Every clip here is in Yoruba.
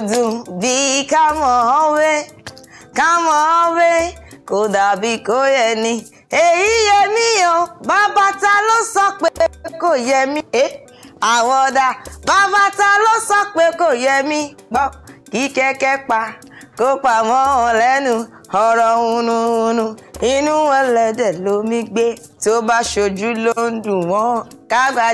dùn bí ká mọ̀ ọ́ wé ká mọ̀ ọ́ wé kò dàbí kò yẹ ni èyí yẹ mí o bàbá ta ló sọ pé kò yẹ mí àwọn ọ̀dà bàbá ta ló sọ pé kò yẹ mí gbọ́ kí kẹ́kẹ́ pa kó pamọ́ wọn lẹ́nu ọ̀rọ̀ hunhunhun inú ẹlẹ́dẹ̀ lomi gbé tó bá ṣojú ló ń dùn wọ́n ká gba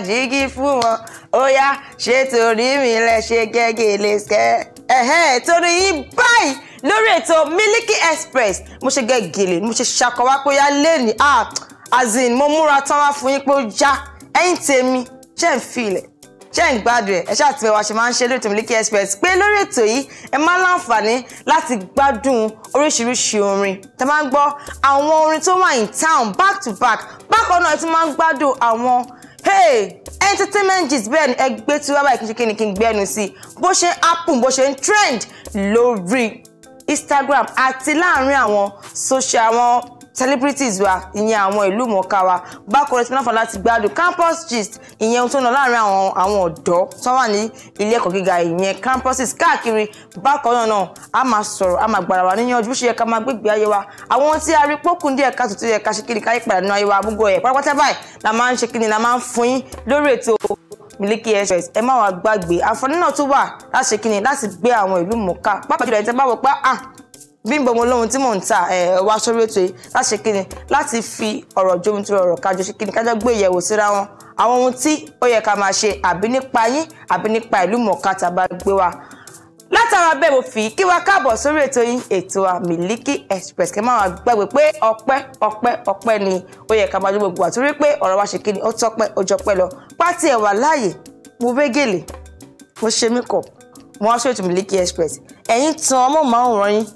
fún wọn ó yá ṣé torí mi lẹ ṣe gẹ́gẹ́lé skẹ́ ẹ̀hẹ́ torí yìí báyìí lórí ètò Miliki Express mo ṣe gẹ́gẹ́lé mo ṣe ṣàkọwá pé ó yá lẹ́nìí ah azin mo múra tán wá fún yín pé ó já ẹ̀yin tèmi ṣé ń fi ilẹ̀ ṣé ń gbádùn ẹ̀ ẹ ṣáà ti ṣe máa ń ṣe lórí ètò Miliki Express pé lórí ètò yìí ẹ máa láǹfààní láti gbádùn oríṣiríṣi orin tẹ máa ń gbọ́ àwọn orin tó wà in town back to back bákan náà ẹ tún máa ń gbádùn àwọn hey entertainment gist bẹ́ẹ̀ ni ẹgbẹ́ tí wọ́n báyìí kí n ṣe kí ni kí n gbẹ́nu sí bó ṣe ń happen bó ṣe ń trend lórí Instagram àti láàárín àwọn social àwọn celebrities wa ìyẹn àwọn ìlú mọ̀ọ́ká wa bákan rẹ̀ tí wọ́n fà láti gbádùn campus gist ìyẹn ohun tó ń lọ láàrin àwọn àwọn ọ̀dọ́ tó wà ní ilé ẹ̀kọ́ gíga ìyẹn campuses káàkiri bákan náà náà a máa sọ̀rọ̀ a máa gbàrà wà níyànjú ṣe yẹ ká máa gbégbé ayé wa àwọn ohun tí a rí pókun díẹ̀ ká tuntun yẹ ká ṣe kí ni ká yí padà nínú ayé wa gbogbo ẹ̀ pátápátá báyìí la máa ń ṣe kí ni la máa ń fún yín lórí ètò Miliki Express ẹ má wàá gbàgbé àǹfààní náà tún wà láti ṣe kí ni láti gbé àwọn ìlú mọ̀ọ́ká pápá jùlọ ẹ̀ tẹ́ bá wọ pé ah Bímbọ Ọmọlọ́run tí mò ń ta ẹ wá sórí ètò yìí láti ṣe kíni láti fi ọ̀rọ̀ jómi tó ọ̀rọ̀ kájọ ṣe kíni kájọ gbé ìyẹ̀wò síra wọn àwọn ohun tí ó yẹ ká máa ṣe àbí nípa yín àbí nípa ìlú mọ̀ọ́ká tàbá gbé wa látara bẹ́ẹ̀ mo fi kí wa káàbọ̀ sórí ètò yín ètò wa Miliki Express kẹ́ máa wá gbàgbé pé ọpẹ́ ọpẹ́ ọpẹ́ ni ó yẹ ká máa jó gbogbo àtúrí pé ọ̀rọ̀ wa ṣe kí ni ó tọ́pẹ́ Miliki Express ẹ̀yin tan ọmọ màá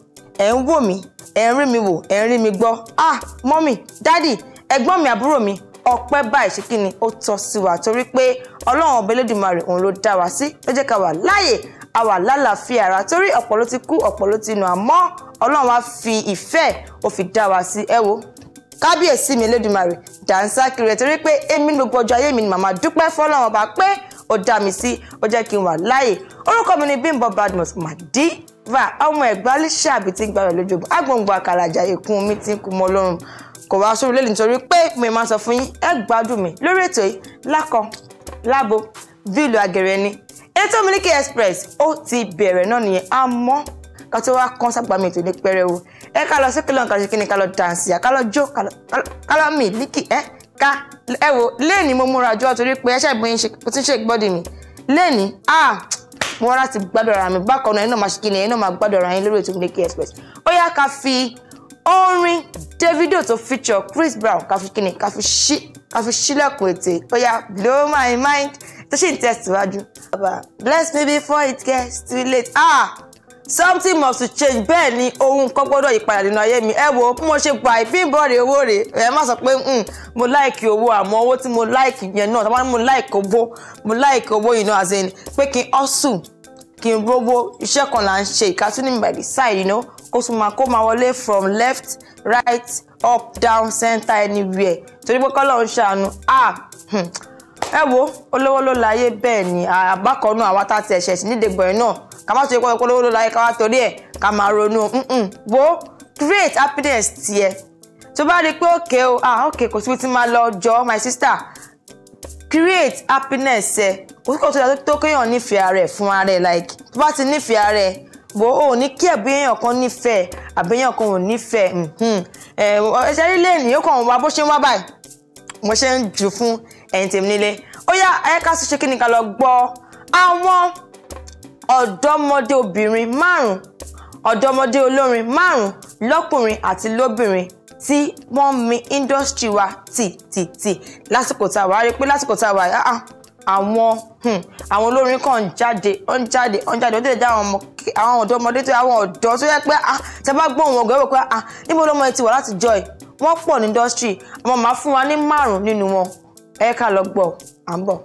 ẹ̀ ń wò mí ẹ̀ ń rí mi wò ẹ̀ ń rí mi gbọ́ ah mọ́mì dádì ẹ̀gbọ́n mi àbúrò mi ọpẹ́ báyìí ṣe kí ni ó tọ́ sí wa torí pé ọlọ́run ọba elédùnmarè òun ló dá wa sí ló jẹ́ ká wà láàyè a wà lálàáfíà ara torí ọ̀pọ̀ ló ti kú ọ̀pọ̀ ló ti nù àmọ́ ọlọ́run á fi ìfẹ́ ó fi dá wa sí ẹ wo kábíyèsí mi elédùnmarè dànsá kiri torí pé èmi ní gbogbo ọjọ́ ayé mi ni màmá dúpẹ́ fọlọ́run ọba pé ó dá mi sí ó jẹ́ kí n wà láàyè orúkọ mi ni Bímbọ́ Badmus màdí va ọmọ ẹ̀gbá líṣà àbí tí ń gbà rẹ̀ lójú bọ̀ agbóǹgbò àkàlàjà èkún mi ti ń kun mọ́ lọ́rùn kò wá sórí lẹ́nu nítorí pé mi máa sọ fún yín ẹ gbádùn mi lórí ètò yìí lákọ lábo bí ìlú àgẹ̀rẹ̀ ni ètò Miliki Express ó ti bẹ̀rẹ̀ náà nìyẹn àmọ́ ká tó wá kán sábà mi ètò ní pẹ́rẹ́wò ẹ ká lọ sí kílọ̀ nǹkan ṣe kí ni ká lọ dànsì ká lọ jó ká lọ Miliki ẹ ká ẹ wò lẹ́ẹ̀ni mo múra jọ torí pé ẹ ṣàgbọ́n yín ṣe gbọ́dì mi lẹ́ẹ̀ni ah mo wá láti gbádùn ara mi bákan náà ẹ̀yin náà máa ṣe kí ni ẹ̀yin náà máa gbádùn ara yín lórí ètò Miliki Express ó yá ká fi orin Davido tó feature Chris Brown ká fi kí ni ká fi ṣí ká fi ṣílẹ̀kùn ètè ó yá blow my mind tó sì ń tẹ̀síwájú. bless me before it gets too late. Ah! something must change bẹ́ẹ̀ ni ohun kan gbọ́dọ̀ ìpadà nínú ayé mi ẹ wo bí mo ṣe gbà ìbímbọ rè owó rè ẹ má sọ pé hmm, mo láìkì owó àmọ́ owó tí mo láìkì yẹn náà tàbí mo láìkì owó mo láìkì owó yìí náà as in pé kí n hustle kí n rówó iṣẹ́ kan là ń ṣe ìkásí ní the side you know kó tún máa kó máa wọlé from left right up down center anywhere torí pé kọ́lọ́ ń ṣàánú ah. Hmm ẹ wo olówó ló láyé bẹ́ẹ̀ ni àbákanú àwa tá a ti ẹ̀ṣẹ̀ sí nídìgbọ̀n náà ká má torí pé olówó ló láyé ká wá torí ẹ̀ ká máa ronú wo create happiness tiẹ̀ tó bá rí i pé òkè o ah òkè kò síbi tí máa lọ jọ my sister create happiness ẹ kò sí kò tó dáa tó kéèyàn nífẹ̀ẹ́ ara ẹ̀ fún ara ẹ̀ like tó bá ti nífẹ̀ẹ́ ara ẹ̀ bó o ní kí ẹ̀bí èèyàn kan nífẹ̀ẹ́ àbẹ̀yàn kan ò nífẹ̀ẹ́ mm-hmm. ẹ̀ ẹ̀ṣẹ̀ líle ènìyàn kan wà bó ṣe ń wá báyìí mo ṣe ń jù fún ẹ̀yin tèmi nílé ó yá ẹ sì ṣe kí ni lọ gbọ́ àwọn ọ̀dọ́mọdé obìnrin márùn-ún ọ̀dọ́mọdé olórin márùn-ún lọ́kùnrin àti lóbìnrin tí wọ́n mi indọ́strì wa tì tì tì lásìkò tá a wà á rí pé lásìkò tá a wà á àwọn hmm, àwọn olórin kan jáde ń jáde ń jáde ó tẹ̀lé jẹ́ àwọn ọ̀dọ́mọdé tó àwọn ọ̀dọ́ tó yẹ pé tẹ bá gbọ́ òun ọ̀gọ́ pé níbo lọ́mọ ẹ ti wà láti jọ ẹ̀ wọ́n pọ̀ ní indọ́strì àmọ́ màá fún wa ní márùn-ún nínú wọn ẹ ká lọ gbọ́ à ń bọ̀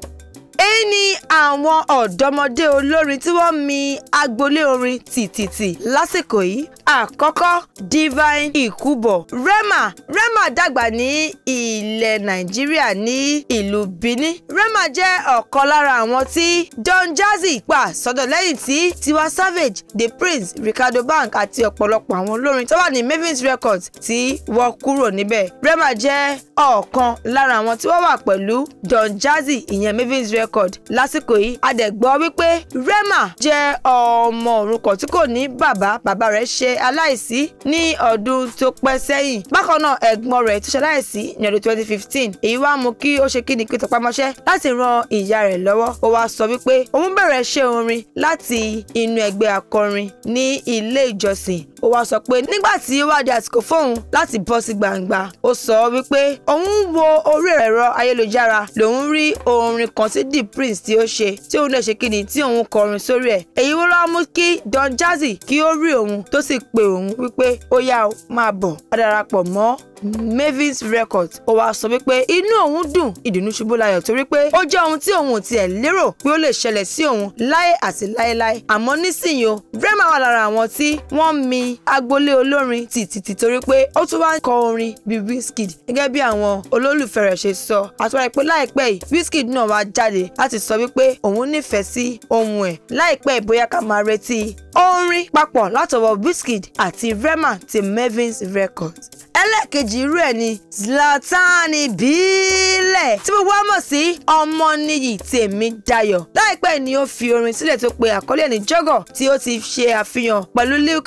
èyí ni àwọn ọ̀dọ́mọdé olórin tí wọ́n mi agboolé orin tìtìtì lásìkò yìí àkọ́kọ́ divine ikubo rema rema dàgbà ní ilẹ̀ nàìjíríà ní ìlú benin rema jẹ́ ọ̀kan lára àwọn tí don jazzy pa sọ́dọ̀ lẹ́yìn tí tiwa savage the prince ricardo bank àti ọ̀pọ̀lọpọ̀ àwọn olórin tó wà ní mavins records tí wọ́n kúrò níbẹ̀ rema jẹ́ ọ̀kan lára àwọn tí wọ́n wà pẹ̀lú don jazzy ìyẹn mavins records record lásìkò yìí a dẹ̀ gbọ́ wípé Rema jẹ́ ọmọ òrukàn tí kò ní bàbá bàbá rẹ̀ ṣe aláìsí ní ọdún tó pẹ́ sẹ́yìn bákan náà ẹ̀gbọ́n rẹ̀ tó ṣe aláìsí ní ọdún 2015 èyí wá mú kí ó ṣe kí ni kí tọpamọ́ṣẹ́ láti ran ìyá rẹ̀ lọ́wọ́ ó wá sọ wípé òun bẹ̀rẹ̀ ṣe orin láti inú ẹgbẹ́ akọrin ní ilé ìjọsìn ó wá sọ pé nígbà tí ó wá di àsìkò fóun láti bọ́ sí gbangba ó sọ wípé òun ń wo orí ẹ̀rọ ayélujára lòun rí orin kan tí the prince tí ó ṣe tí òun lè ṣe kíni tí òun kọrin sórí ẹ̀ èyí wọ́n lọ́wọ́ mú kí Don Jazzy kí ó rí òun tó sì pe òun wípé ó yá o máa bọ̀ á darapọ̀ mọ́ mavis records ó wáá sọ wípé inú òun dùn ìdùnnú ṣubú layọ̀ torí pé ó jẹ́ ohun tí òun ò tiẹ̀ lérò pé ó lè ṣẹlẹ̀ sí òun láé àti láéláé àmọ́ nísìnyí o Rema wà lára àwọn tí wọ́n mi agboolé olórin tìtìtì torí pé ó tún wá ń kọ orin bí Wizkid gẹ́gẹ́ bí àwọn olólùfẹ́ rẹ̀ ṣe sọ àtúwárí pé láìpẹ́ yìí Wizkid náà wá jáde láti sọ wípé òun nífẹ̀ẹ́ sí ohun ẹ̀ láìpẹ́ ìbóyá ká máa retí orin papọ̀ látọwọ́ Wizkid àti Rema ti Mavins Records ẹlẹ́ẹ̀kejì irú ẹ̀ ni Zlatan Ìbílẹ̀ tí gbogbo wa mọ̀ sí Ọmọníyì tèmi Dayọ̀ láìpẹ́ ni ó fi orin sílẹ̀ tó pe àkọlé ní jọ́gọ̀ tí ó ti ṣe àfihàn pẹ̀lú Lil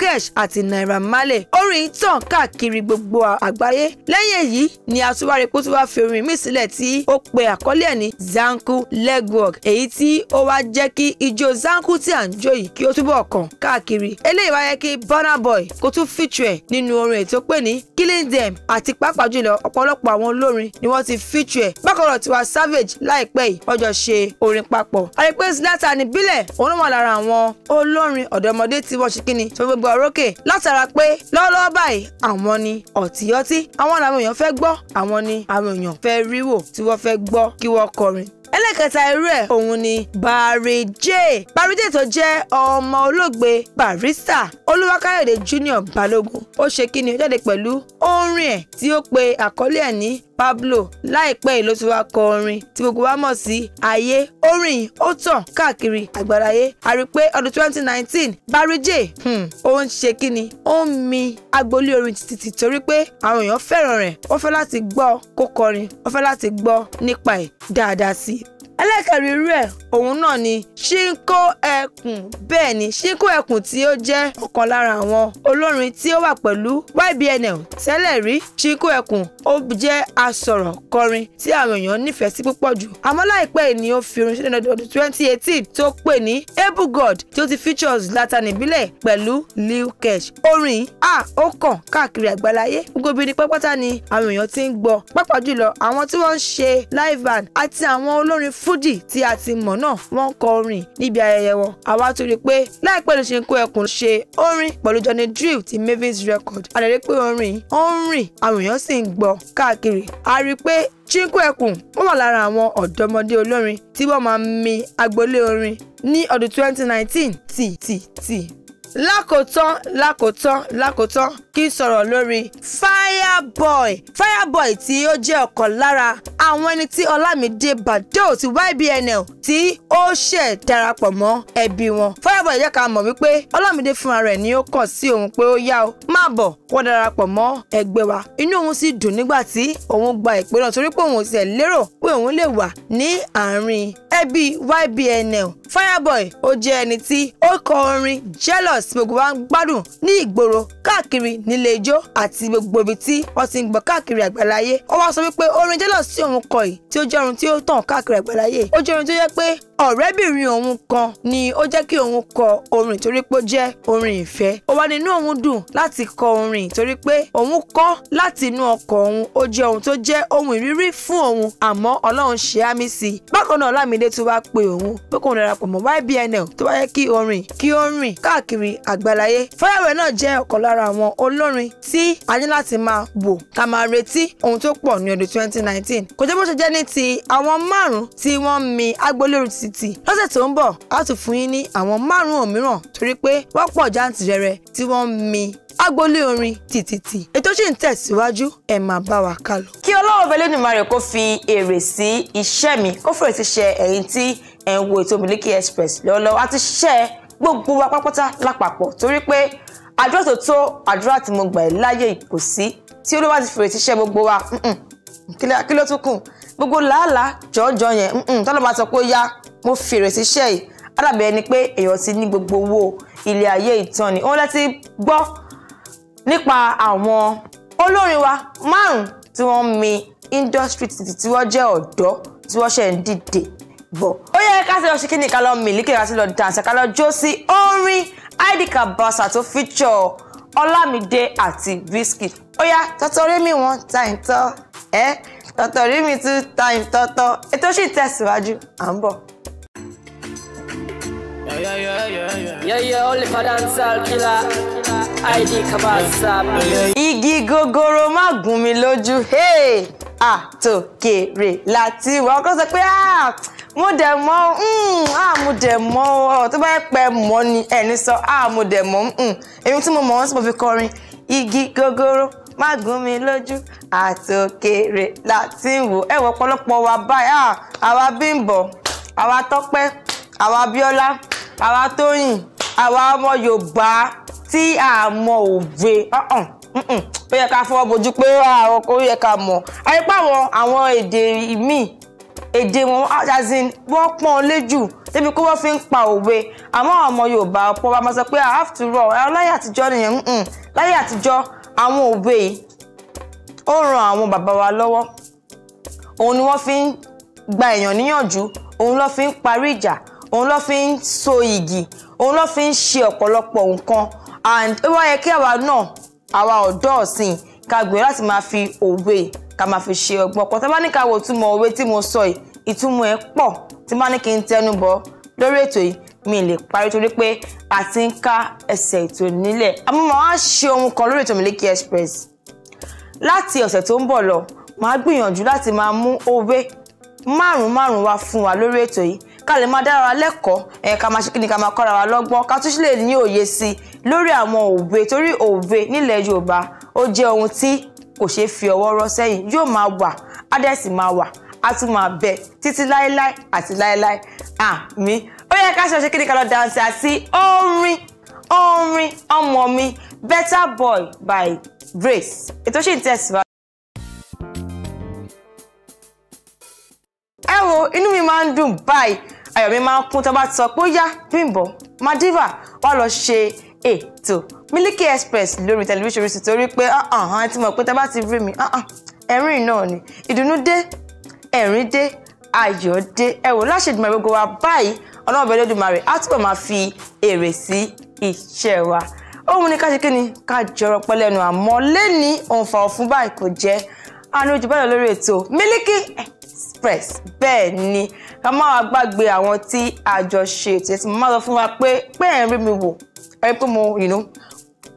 àti Naira male. orin tàn káàkiri gbogbo àgbáyé lẹ́yìn èyí ni a tún wá rí pé ó tún wá fi orin míì sílẹ̀ tí ó pe àkọlé ẹ̀ Zanku Legwork èyí tí ó wá jẹ́ kí ijó Zanku tí à ń jó yìí kí ó túbọ̀ kàn káàkiri eléyìí wá kí Burna Boy kó tún feature ẹ̀ nínú orin ètò pè ní Killing Eminem àti pàápàá jùlọ ọ̀pọ̀lọpọ̀ àwọn olórin ni wọ́n ti fíjù ẹ̀ bákan náà Tiwa Savage láìpẹ́ yìí wọ́n jọ ṣe orin papọ̀. àrípé Zlatan níbílẹ̀ òun ló wà lára àwọn olórin ọ̀dọ́mọdé tí wọ́n ṣe kíni tó gbogbo orókè látara pé lọ́wọ́lọ́wọ́ báyìí àwọn ni ọ̀tíyọ́tí àwọn làwọn èèyàn fẹ́ gbọ́ àwọn ni àwọn èèyàn fẹ́ ríwò tí wọ́n fẹ́ gbọ́ kí wọ́n kọrin ẹlẹ́kẹta irú ẹ̀ òun ni Barry J Barry J tó jẹ́ ọmọ olóògbé barista Olúwakáyọ̀dé Junior Balógun ó ṣe kí ni ó jáde pẹ̀lú orin ẹ̀ tí ó pe àkọ́lé ẹ̀ ní Pablo láìpẹ́ yìí ló ti wá kọ orin tí gbogbo wa mọ̀ sí ayé orin ó tàn káàkiri àgbàláyé a rí i pé ọdún 2019 Barry J hmm, ó ń ṣe kíni ó ń mi agboolé orin títí torí pé àwọn èèyàn fẹ́ràn rẹ̀ ó fẹ́ láti gbọ́ kó kọrin ó fẹ́ láti gbọ́ nípa ẹ̀ dáadáa sí i ẹlẹ́kẹ̀rin irú ẹ̀ òun náà ni ṣínkó ẹkùn bẹ́ẹ̀ ni ṣínkó ẹkùn tí ó jẹ́ ọ̀kan lára àwọn olórin tí ó wà pẹ̀lú YBNL tẹ́lẹ̀ rí ṣínkó ẹkùn ó jẹ́ asọ̀rọ̀ kọrin tí àwọn èèyàn nífẹ̀ẹ́ sí púpọ̀ jù àmọ́ láìpẹ́ ni ó fi orin ṣẹ́ni ọdún twenty eighteen tó pè ní able god tí ó ti features Zlatan Ìbílẹ̀ pẹ̀lú Lil Kesh orin a ó kàn káàkiri àgbáláyé gbogbo ibi ní pẹ́pátá ni àwọn èèyàn ti ń gbọ́ pàápàá jùlọ àwọn tí wọ́n ń ṣe live band àti àwọn olórin f Fuji, tí a ti mọ̀ náà wọ́n kọ orin níbi ayẹyẹ wọn àwa tó rí i pé láìpẹ́ ló ṣe ń kó ẹkùn ṣe orin pẹ̀lú Johnny Drill ti Mavins Record a lè rí i pé orin ó ń rìn àwọn èèyàn sì ń gbọ́ káàkiri a rí i pé Chinko Ẹkùn wọ́n wà lára àwọn ọ̀dọ́mọdé olórin tí wọ́n máa mi agboolé orin ní ọdún 2019 tì tì tì lákòótán lákòótán lákòótán kí n sọ̀rọ̀ lórí Fireboy Fireboy tí ó jẹ́ ọ̀kan lára àwọn ẹni tí Ọlámídé Badoo ti YBNL tí ó ṣẹ̀ darapọ̀ mọ́ ẹbí wọn Fireboy jẹ́ ká mọ̀ wípé Ọlámídé fúnra rẹ̀ ni ó kàn sí òun pé ó yá o máa bọ̀ kó darapọ̀ mọ́ ẹgbẹ́ wa inú òun sì dùn nígbà tí òun gba ìpè náà torí pé òun ò tiẹ̀ lérò pé òun lè wà ní àárín ẹbí YBNL Fireboy ó jẹ́ ẹni tí ó kọ orin jealous tí gbogbo wa ń gbádùn ní ìgboro káàkiri nílé ijó àti gbogbo ibi tí wọ́n ti ń gbọ́ káàkiri àgbàláyé ó wá sọ wípé orin jẹ́lọ̀ sí òun kọ yìí tí ó jẹ́ orin tí ó tàn káàkiri àgbàláyé ó jẹ́ orin tó yẹ pé ọ̀rẹ́bìnrin òun kan ni ó jẹ́ kí òun kọ orin torí pé ó jẹ́ orin ìfẹ́ ó wá nínú òun dùn láti kọ orin torí pé òun kọ láti inú ọkọ̀ òun ó jẹ́ ohun tó jẹ́ ohun ìrírí fún òun àmọ́ ọlọ́run ṣe á mí sí i bákan náà Ọlámídé tún wá pe òun pé kò darapọ̀ mọ́ YBNL tó wáyé kí orin kí ó rìn káàkiri àgbáláyé Fọláwẹ́ náà jẹ́ ọ̀kan lára àwọn olórin tí a ní láti máa wò ká máa retí ohun tó pọ̀ ní ọdún 2019 kò jẹ́ bó ṣe jẹ́ ní ti àwọn márùn-ún tí wọ́n mi agbóléru t city lọ́sẹ̀ tó ń bọ̀ á tún fún yín ní àwọn márùn-ún mìíràn torí pé wọ́n pọ̀ jàǹtìrẹrẹ tí wọ́n ń mi agboolé orin tìtìtì ètò sì ń tẹ̀síwájú ẹ̀ máa bá wa ká lọ. kí ọlọ́run Olódùmarè kó fi èrè sí iṣẹ́ mi kó fèrè sí ṣe ẹ̀yin tí ẹ̀ ń wo ètò Miliki Express lọ́wọ́lọ́wọ́ àti ṣiṣẹ́ gbogbo wa pápátá lápapọ̀ torí pé àdúrà tó tó àdúrà tí mo gbà ẹ́ láyé kò sí tí olúwa ti fèrè síṣẹ́ gbogbo wa kí ló tún kù gbogbo làálàá jọ̀ọ́jọ̀ yẹn tọ́lọ́ máa sọ pé ó yá mo fèrè síṣẹ́ yìí ádàbẹ̀ ẹni pé èèyàn ti ní gbogbo owó ilé ayé ìtàn ni òun láti gbọ́ nípa àwọn olórin wa márùn tí wọ́n mi industry títí tí wọ́n jẹ́ ọ̀dọ́ tí wọ́n ṣẹ̀ ń dìde bọ̀. ó yẹ ká sí lọ ṣe kíni ká lọ mìlíkì ká sí lọ dànsì ká lọ jó sí orin Heidi Kabasa tó feature Ọlámídé àti Wizkid. ó yá tọ́tọ́rí mi wọ́n ta ìtọ́ ẹ́ tọ́tọ́rí mi tún ta ìtọ́tọ́ ètò sì tẹ̀síwájú à ń bọ̀. Yo yo, only for dancehall killer. ID Kabasa. Igi gogoro má gún mi re Hey! Àtòkèrè láti wà. Ọkọ sọ pé mo dẹ̀ mọ́ mm, mo dẹ̀ mọ́ ọ tó bá yẹ pẹ́ mọ́ ni ẹni sọ mo dẹ̀ mọ́ mm. èmi tí mo mọ̀ wọ́n mo fi kọrin igi gogoro má gún mi lójú àtòkèrè láti wo ẹ wọ ọ̀pọ̀lọpọ̀ wa awa bimbo awa àwa awa biola. Bíọ́lá àwa Tóyìn àwa ọmọ Yorùbá tí a mọ òwe ó yẹ ká fọwọ́ bojú pé àwọn kò yẹ ká mọ̀ àyípa àwọn àwọn èdè míì èdè wọn azin wọ́n pọ́n léjù débi kó wọ́n fi ń pa òwe àmọ́ ọmọ Yorùbá ọ̀pọ̀ wa máa sọ pé after all ẹ láyé àtijọ́ nìyẹn láyé àtijọ́ àwọn òwe yìí ó ran àwọn bàbá wa lọ́wọ́ òun ni wọ́n fi ń gba èèyàn níyànjú òun ló fi ń parí ìjà òun ló fi ń so igi òun ló fi ń ṣe ọ̀pọ̀lọpọ̀ nǹkan and ó wá yẹ kí àwa náà àwa ọ̀dọ́ ọ̀sìn ká gbìyànjú láti máa fi òwe ká máa fi ṣe ọgbọ́n ọ̀pọ̀ tá bá ní ká wo ìtumọ̀ òwe tí mo sọ yìí ìtumọ̀ ẹ̀ pọ̀ tí bá ní kí n tẹnu bọ̀ lórí ètò yìí mi lè parí torí pé a ti ń ká ẹsẹ̀ ètò nílẹ̀ àmọ́ màá wá ṣe ohun kan lórí ètò Miliki Express láti ọ̀sẹ̀ tó ń bọ̀ lọ màá gbìyànjú láti máa mú òwe márùn márùn wá fún wa lórí ètò yìí ká lè máa dára lẹ́kọ̀ọ́ ẹ̀ ká máa ṣe kí ni ká máa kọ́ra wa lọ́gbọ́n ká tún lè ní òye sí i lórí àwọn òwe torí òwe nílẹ̀ Yorùbá ó jẹ́ ohun tí kò ṣeé fi ọwọ́ rọ́ sẹ́yìn yóò máa wà ádẹ́sì máa wà á tún máa bẹ títí láéláé àti láéláé àmín ó yẹ ká ṣe ọṣẹ kí ká lọ dáńsì àti orin orin ọmọ mi Better Boy by Grace ètò ṣì ń tẹ̀síwájú. ẹ wo inú mi máa ń dùn báyìí ayọ̀ mi máa ń kún tó bá ti sọ pé ó yá Bímbọ́ Madiva wá lọ ṣe ètò Miliki Express lórí tẹlifíṣàn Orísun torí pé ah, ah, ẹ ti mọ̀ pé tó bá ti rí mi ah, ẹ̀rín náà ni ìdùnnú dé ẹ̀rín dé ayọ̀ dé ẹ wò láṣẹ̀dùnmọ̀ gbogbo wa báyìí ọlọ́run bẹ̀rẹ̀ lódùmarè á túbọ̀ máa fi èrè sí iṣẹ́ wa òun ni ká ṣe ni ká jọrọ pẹ́ lẹ́nu àmọ́ lẹ́ni òǹfà ọ̀fun báyìí kò jẹ́ àrùn ojúbọ̀lọ̀ lórí ètò Miliki Express bẹ́ẹ̀ ni ká má wàá gbàgbé àwọn tí a jọ ṣe ètò ẹ̀sìn máa lọ fún wa pé pé ẹ̀ ń rí mi wò ẹ̀ pé mo you know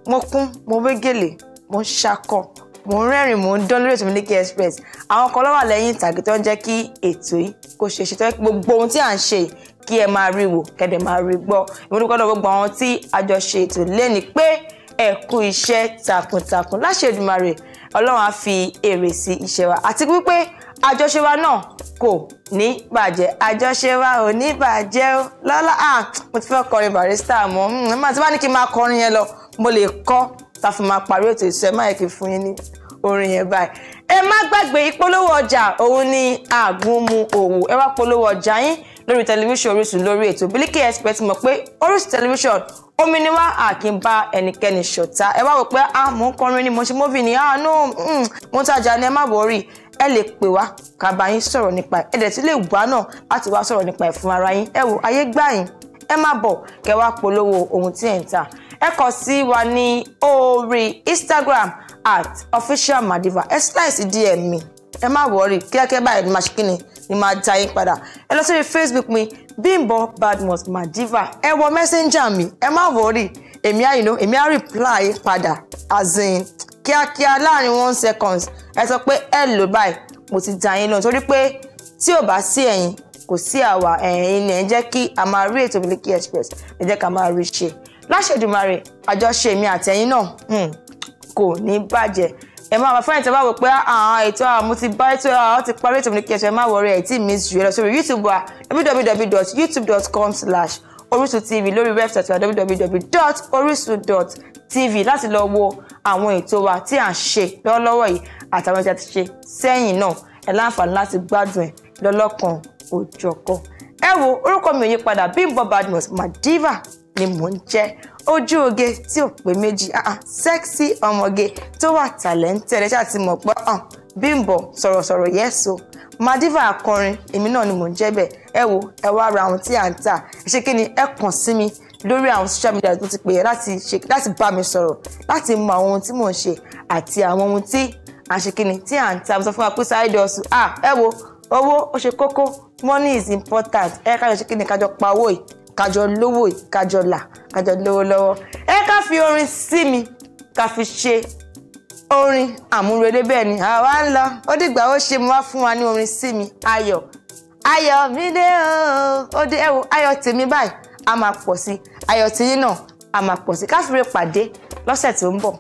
mo kún mo wé gèlè mo ń ṣakọ mo ń rẹ́rìn mo ń dán lórí ètò Miliki Express àwọn kan lọ́wọ́ lẹ́yìn ìtàgé tó ń jẹ́ kí ètò yìí kò ṣe ṣètò gbogbo ohun tí à ń ṣe kí ẹ máa rí wò kẹ́dẹ̀ máa rí gbọ́ ìmúdúkọ́ lọ́wọ́ gbogbo àwọn tí a jọ ṣe ètò lẹ́ni pé ẹ kú iṣẹ́ takuntakun láṣẹ Èdùmàrè ọlọ́run á fi èrè sí iṣẹ́ wa àti wípé àjọṣe wa náà kò ní bàjẹ́ àjọṣe wa ò ní bàjẹ́ o lọ́lá ah mo ti fẹ́ kọrin barista mọ́ màá hmm, ti bá ní kí n máa kọrin yẹn lọ mo lè kọ́ ta fi máa parí ètò ìṣẹ́ máa yẹ kí n fún yín ní orin yẹn báyìí. ẹ má gbàgbé ìpolówó ọjà òun ni àgúnmu òwò ẹ wá polówó ọjà yín lórí tẹlifíṣàn Orísun lórí ètò Bílíkì Express mọ̀ pé Orísun tẹlifíṣàn omi ni wá àkì ń bá ẹnikẹ́ni ṣọ̀tá ẹ wá wò pé a mò ń kọrin ni mo ṣe móvì ni àánú ah, mm, mo tajà ni ẹ má wọrí ẹ lè pè wá ká bá yín sọ̀rọ̀ nípa ẹ̀ ẹ̀dẹ̀ tí lè wá náà láti wá sọ̀rọ̀ nípa ẹ̀ fún ara yín ẹ wò ayé gbà yín ẹ má bọ̀ kẹ wá polówó ohun tí ẹ̀ ń tà ẹ kàn sí wa ní orí Instagram at officialmadiva ẹ slice dm mi ẹ má wọrí kíákíá báyìí ni màá ṣe kí ni ni máa já yín padà ẹ lọ sórí facebook mi bimbo badmus madiva ẹ wọ messenger mi ẹ má wọrí èmi àyìnbó èmi á reply padà as in kíákíá láàrin one seconds ẹ sọ pé ẹ lò báyìí mo ti já yín lọ torí pé tí ò bá sí ẹ̀yin kò sí àwa ẹ̀yin ni ẹ jẹ́ kí a máa rí ètò Miliki Express ẹ jẹ́ ká máa rí ṣe láṣẹ̀dùmarè àjọṣe mi àtẹ̀yin náà hmm, kò ní bàjẹ́ ẹ máa ma fẹ́ràn tí a bá wò pé àwọn ah, ètò àwọn ah, ti bá ètò àwọn ah, ti parí ètò mi ní kí ẹ ṣe máa wọrí ẹ̀ tí mi jù lọ sórí youtube wa www.youtube.com slash orisun tv lórí website wa www.orisun.tv láti lọ wo àwọn ètò wa tí à ń ṣe lọ́wọ́lọ́wọ́ yìí àtàwọn ètò àti ṣe sẹ́yìn náà ẹ̀ láǹfààní láti gbádùn ẹ̀ lọ́lọ́kan òjọ̀kan ẹ wo orúkọ mi ò yí padà Bimbo Badmus Madiva ni mò ń jẹ́ ojú oge tí ò pé méjì ah, ah, sexy ọmọge tó wà talented ẹ ṣáà ti mọ̀ pé ah, Bímbọ́ sọ̀rọ̀sọ̀rọ̀ yẹ́so madiva akọrin èmi náà ni mò ń jẹ́ bẹ̀ ẹ wo ẹ wá ra ohun tí à ń tà ẹ kí ni ẹ kàn sí mi lórí àwọn social media tó ti pè é láti bá mi sọ̀rọ̀ láti mọ àwọn ohun tí mò ń ṣe àti àwọn ohun tí à ń ṣe kí ni tí à ń tà mo sọ fún wa pé side hustle ah ẹ wo owó ó ṣe kókó money is important ẹ kájọ ṣe kí ni kájọ pa owó yìí kájọ lówó kájọ là kájọ lówó lọ́wọ́ ẹ ká fi orin sí mi ká fi ṣe orin àmúrelé bẹ́ẹ̀ ni àwa ń lọ ó dìgbà ó ṣe mo wá fún wa ní orin sí mi ayọ̀ ayọ̀ mi dé o ó dé ẹ wo tèmi báyìí a máa pọ̀ sí ayọ̀ tèyí náà a máa pọ̀ sí káfíńrè pàdé lọ́sẹ̀ tó ń bọ̀.